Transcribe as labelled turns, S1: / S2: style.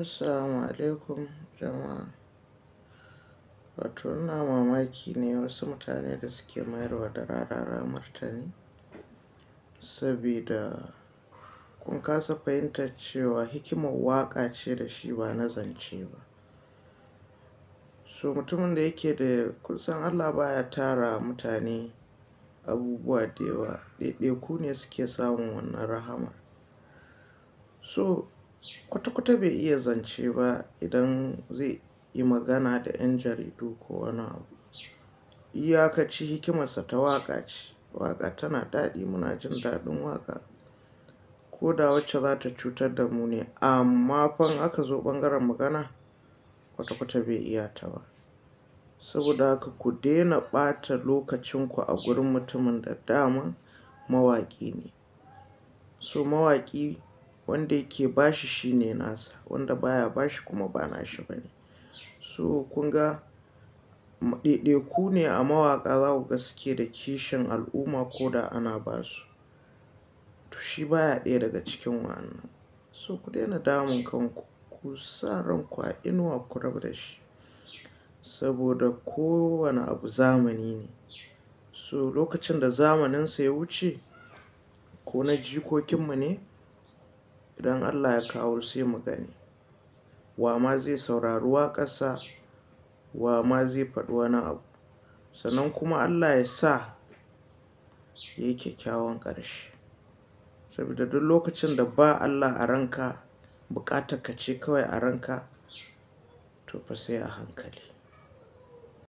S1: Assalamu alaikum jama'a. Wato ina mamaki ne wasu mutane da suke mayarwa da rarara martani saboda kun kasa fahimtar cewa hikimar waƙa ce da shi ba na zance ba. So mutumin da yake da kusan san Allah baya tara mutane abubuwa da yawa, ɗaiɗaiku ne suke samun wannan rahama. So kwata-kwata bai iya zance ba idan zai yi magana da 'yan jaridu ko wani abu iyakaci hikimarsa ta waƙa ce waƙa tana daɗi muna jin daɗin waƙa ko da wacce za ta cutar da mu ne amma fan aka zo ɓangaren magana kwata-kwata bai iya ta ba saboda haka ku daina ɓata lokacinku a gurin mutumin da dama mawaƙi ne so mawaƙi wanda yake bashi ne nasa wanda baya bashi kuma ba nashi ne. so kun ga ku ne a mawaƙa za ku ga da kishin al'umma ko da ana basu to shi baya ɗaya daga cikin wannan. so ku daina damun kanku ku sa ranku a inuwa ku rabu da shi saboda kowane abu zamani ne so lokacin da zamaninsa ya wuce ko na jikokinmu ne idan Allah ya kawo sai mu gani wa ma zai saurari waƙarsa wa ma zai faɗi wani abu sannan kuma Allah ya sa ya yi kyakkyawan ƙarshe saboda duk lokacin da ba Allah a ranka buƙatar ka ce kawai a ranka to fa sai a hankali